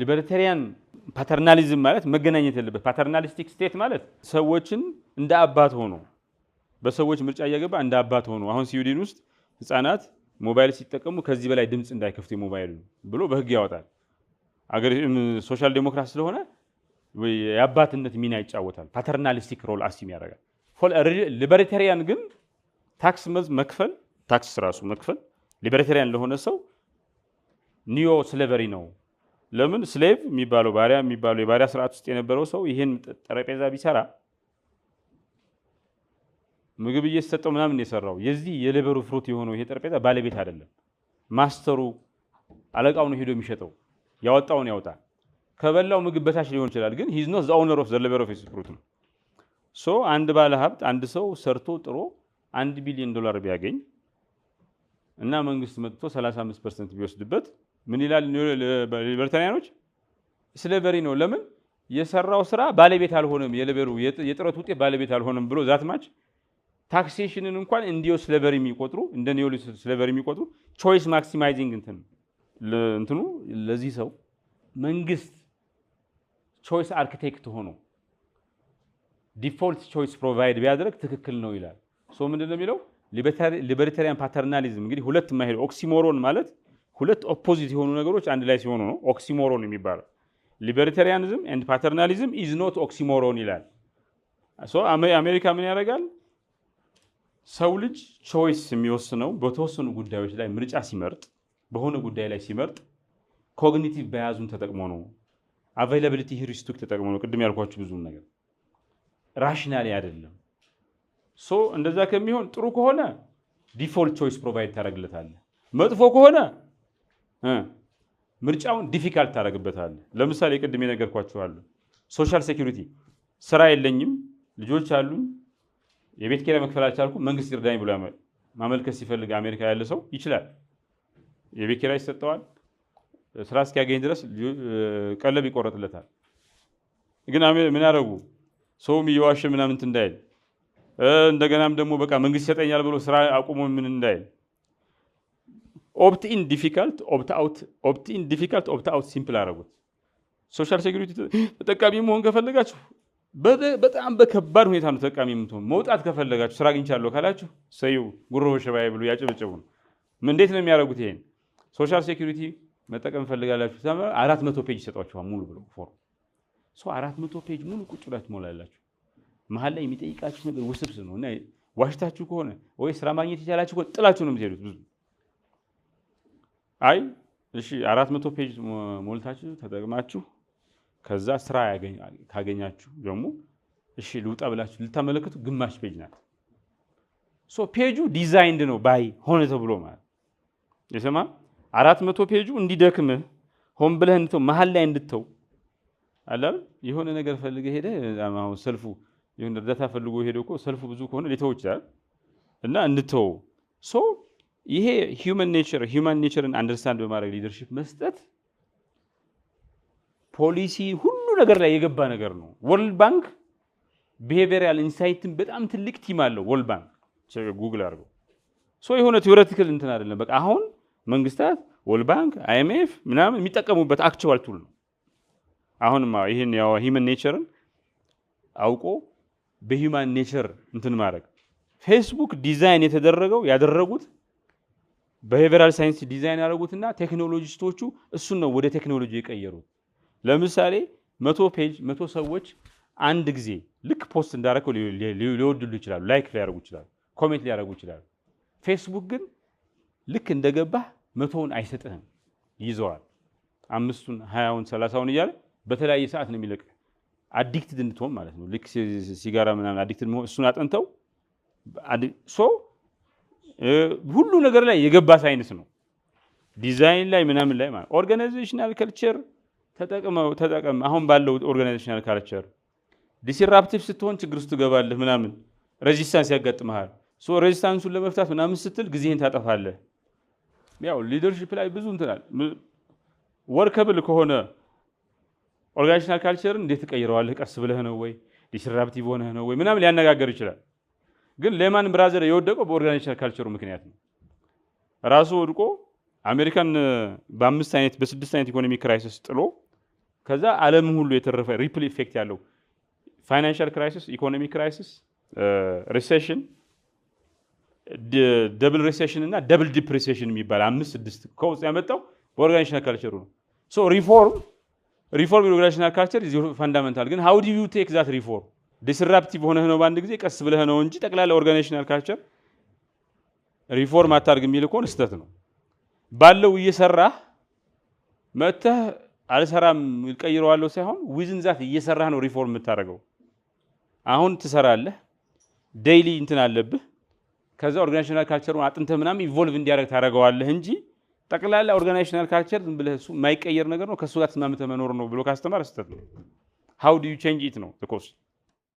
ሊበርታሪያን ፓተርናሊዝም ማለት መገናኘት የለበት። ፓተርናሊስቲክ ስቴት ማለት ሰዎችን እንደ አባት ሆኖ በሰዎች ምርጫ እያገባ እንደ አባት ሆኖ አሁን ስዊድን ውስጥ ህፃናት ሞባይል ሲጠቀሙ ከዚህ በላይ ድምፅ እንዳይከፍቱ ሞባይል ብሎ በህግ ያወጣል። ሶሻል ዴሞክራት ስለሆነ የአባትነት ሚና ይጫወታል። ፓተርናሊስቲክ ሮል አሲም ያደርጋል። ሊበርታሪያን ግን ታክስ መክፈል ታክስ ራሱ መክፈል ሊበርታሪያን ለሆነ ሰው ኒዮ ስሌቨሪ ነው ለምን ስሌቭ የሚባለው ባሪያ የሚባለው የባሪያ ስርዓት ውስጥ የነበረው ሰው ይህን ጠረጴዛ ቢሰራ ምግብ እየተሰጠው ምናምን የሰራው የዚህ የሌበሩ ፍሩት የሆነው ይሄ ጠረጴዛ ባለቤት አይደለም። ማስተሩ አለቃው ነው ሄዶ የሚሸጠው ያወጣውን ያውጣ ከበላው ምግብ በታች ሊሆን ይችላል፣ ግን ሂዝ ኖት ዘ ኦፍ ኦፍ ፍሩት ነው። ሶ አንድ ባለ ሀብት አንድ ሰው ሰርቶ ጥሮ አንድ ቢሊዮን ዶላር ቢያገኝ እና መንግስት መጥቶ 35 ፐርሰንት ቢወስድበት ምን ይላል ሊበርታኒያኖች? ስሌቨሪ ነው። ለምን የሰራው ስራ ባለቤት አልሆንም፣ የሌበሩ የጥረት ውጤት ባለቤት አልሆንም ብሎ ዛትማች ታክሴሽንን እንኳን እንዲዮ ስሌቨሪ የሚቆጥሩ እንደ ኒዮ የሚቆጥሩ ቾይስ ማክሲማይዚንግ እንትን እንትኑ ለዚህ ሰው መንግስት ቾይስ አርክቴክት ሆኖ ዲፎልት ቾይስ ፕሮቫይድ ቢያደረግ ትክክል ነው ይላል። ሶ ምንድን ነው የሚለው ሊበርታሪያን ፓተርናሊዝም እንግዲህ ሁለት ማሄድ ኦክሲሞሮን ማለት ሁለት ኦፖዚት የሆኑ ነገሮች አንድ ላይ ሲሆኑ ነው ኦክሲሞሮን የሚባለው። ሊበርታሪያኒዝም ኤንድ ፓተርናሊዝም ኢዝ ኖት ኦክሲሞሮን ይላል። አሜሪካ ምን ያደርጋል? ሰው ልጅ ቾይስ የሚወስነው በተወሰኑ ጉዳዮች ላይ ምርጫ ሲመርጥ፣ በሆነ ጉዳይ ላይ ሲመርጥ ኮግኒቲቭ በያዙን ተጠቅሞ ነው። አቫይላብሊቲ ሂሪስቱክ ተጠቅሞ ነው። ቅድም ያልኳችሁ ብዙ ነገር ራሽናሊ አይደለም። ሶ እንደዛ ከሚሆን ጥሩ ከሆነ ዲፎልት ቾይስ ፕሮቫይድ ታደርግለታለህ። መጥፎ ከሆነ ምርጫውን ዲፊካልት ታደርግበታለህ። ለምሳሌ ነገርኳቸው አለ። ሶሻል ሴኩሪቲ ስራ የለኝም ልጆች አሉኝ የቤት ኪራይ መክፈል አልቻልኩም መንግስት ይርዳኝ ብሎ ማመልከት ሲፈልግ አሜሪካ ያለ ሰው ይችላል። የቤት ኪራይ ይሰጠዋል። ስራ እስኪያገኝ ድረስ ቀለብ ይቆረጥለታል። ግን ምን ያደረጉ ሰውም እየዋሸ ምናምንት እንዳይል እንደገናም ደግሞ በቃ መንግስት ይሰጠኛል ብሎ ስራ አቁሞ ምን እንዳይል ኦፕትኢን ዲፊካልት ኦፕትኢን ዲፊካልት ኦፕት አውት ሲምፕል አረጉት። ሶሻል ሴኩሪቲ ተጠቃሚ መሆን ከፈለጋችሁ በጣም በከባድ ሁኔታ ነው ተጠቃሚ የምትሆን። መውጣት ከፈለጋችሁ ስራ አግኝቻለሁ ካላችሁ ሰዩ ጉሮ ሸባይ ብሎ ያጨበጨቡ ነው። እንዴት ነው የሚያደርጉት? ይሄን ሶሻል ሴኩሪቲ መጠቀም ፈልጋላችሁ አራት መቶ ፔጅ ይሰጧችኋል ሙሉ ብሎ ፎርም ሰው አራት መቶ ፔጅ ሙሉ ቁጭ ብላችሁ ትሞላላችሁ። መሀል ላይ የሚጠይቃችሁ ነገር ውስብስብ ነው እና ዋሽታችሁ ከሆነ ወይ ስራ ማግኘት የቻላችሁ ጥላችሁ ነው የምትሄዱት ብዙ አይ እሺ አራት መቶ ፔጅ ሞልታችሁ ተጠቅማችሁ ከዛ ስራ ካገኛችሁ ደግሞ እሺ ልውጣ ብላችሁ ልታመለክቱ ግማሽ ፔጅ ናት። ሶ ፔጁ ዲዛይንድ ነው ባይ ሆነ ተብሎ ማለት የሰማ አራት መቶ ፔጁ እንዲደክምህ ሆን ብለህ እንድተው መሀል ላይ እንድተው አላል የሆነ ነገር ፈልገ ሄደ አሁን ሰልፉ የሆነ እርዳታ ፈልጎ ሄደ እኮ ሰልፉ ብዙ ከሆነ ሊተው ይችላል እና እንድተው ሶ ይሄ ሂውመን ኔቸር ሂውማን ኔቸርን አንደርስታንድ በማድረግ ሊደርሽፕ መስጠት ፖሊሲ ሁሉ ነገር ላይ የገባ ነገር ነው። ወርልድ ባንክ ቢሄቪራል ኢንሳይትን በጣም ትልቅ ቲም አለው። ወርልድ ባንክ ጉግል አድርገው ሶ የሆነ ቴዎሬቲካል እንትን አይደለም። በቃ አሁን መንግስታት ወርልድ ባንክ አይኤምኤፍ ምናምን የሚጠቀሙበት አክቹዋል ቱል ነው። አሁን ይህን ሂውመን ኔቸርን አውቆ በሂውማን ኔቸር እንትን ማድረግ ፌስቡክ ዲዛይን የተደረገው ያደረጉት በሄቨራል ሳይንስ ዲዛይን ያደረጉትና ቴክኖሎጂስቶቹ እሱን ነው ወደ ቴክኖሎጂ የቀየሩት። ለምሳሌ መቶ ፔጅ መቶ ሰዎች አንድ ጊዜ ልክ ፖስት እንዳደረገው ሊወድሉ ይችላሉ፣ ላይክ ሊያደርጉ ይችላሉ፣ ኮሜንት ሊያደርጉ ይችላሉ። ፌስቡክ ግን ልክ እንደገባህ መቶውን አይሰጥህም፣ ይዘዋል። አምስቱን፣ ሀያውን፣ ሰላሳውን እያለ በተለያየ ሰዓት ነው የሚለቅ አዲክትድ እንድትሆን ማለት ነው። ልክ ሲጋራ ምናምን አዲክትድ መሆን እሱን አጠንተው ሶ ሁሉ ነገር ላይ የገባ ሳይንስ ነው። ዲዛይን ላይ ምናምን ላይ ማለት ኦርጋናይዜሽናል ካልቸር ተጠቅመው ተጠቀም። አሁን ባለው ኦርጋናይዜሽናል ካልቸር ዲስራፕቲቭ ስትሆን ችግር ውስጥ ትገባለህ ምናምን ሬዚስታንስ ያጋጥመሃል። ሶ ሬዚስታንሱን ለመፍታት ምናምን ስትል ጊዜህን ታጠፋለህ። ያው ሊደርሽፕ ላይ ብዙ እንትናል ወርከብል ከሆነ ኦርጋናይዜሽናል ካልቸርን እንዴት ትቀይረዋለህ? ቀስ ብለህ ነው ወይ ዲስራፕቲቭ ሆነህ ነው ወይ ምናምን ሊያነጋገር ይችላል። ግን ሌማን ብራዘር የወደቀው በኦርጋናይዜሽን ካልቸሩ ምክንያት ነው። ራሱ ወድቆ አሜሪካን በአምስት አይነት በስድስት አይነት ኢኮኖሚ ክራይሲስ ጥሎ ከዛ ዓለም ሁሉ የተረፈ ሪፕል ኢፌክት ያለው ፋይናንሻል ክራይሲስ፣ ኢኮኖሚ ክራይሲስ፣ ሪሴሽን፣ ደብል ሪሴሽን እና ደብል ዲፕሬሴሽን የሚባል አምስት ስድስት ከውስጥ ያመጣው በኦርጋናይዜሽናል ካልቸሩ ነው። ሶ ሪፎርም ሪፎርም የኦርጋናይዜሽናል ካልቸር ፋንዳመንታል ግን ሀው ዲ ዩ ቴክ ዛት ሪፎርም ዲስራፕቲቭ ሆነህ ነው በአንድ ጊዜ ቀስ ብለህ ነው እንጂ ጠቅላላ ኦርጋናይዜሽናል ካልቸር ሪፎርም አታርግ የሚል ከሆነ ስህተት ነው። ባለው እየሰራህ መጥተህ አልሰራም ይቀይረዋለሁ ሳይሆን ዊዝን ዛት እየሰራህ ነው ሪፎርም የምታደርገው። አሁን ትሰራለህ፣ ዴይሊ እንትን አለብህ። ከዛ ኦርጋናይዜሽናል ካልቸሩን አጥንተ ምናምን ኢንቮልቭ እንዲያደርግ ታደርገዋለህ እንጂ ጠቅላላ ኦርጋናይዜሽናል ካልቸር ዝም ብለህ እሱ የማይቀየር ነገር ነው ከእሱ ጋር ተስማምተህ መኖር ነው ብሎ ካስተማር ስህተት ነው። ሀው ዱ ዩ ቼንጅ ኢት ነው ኮስት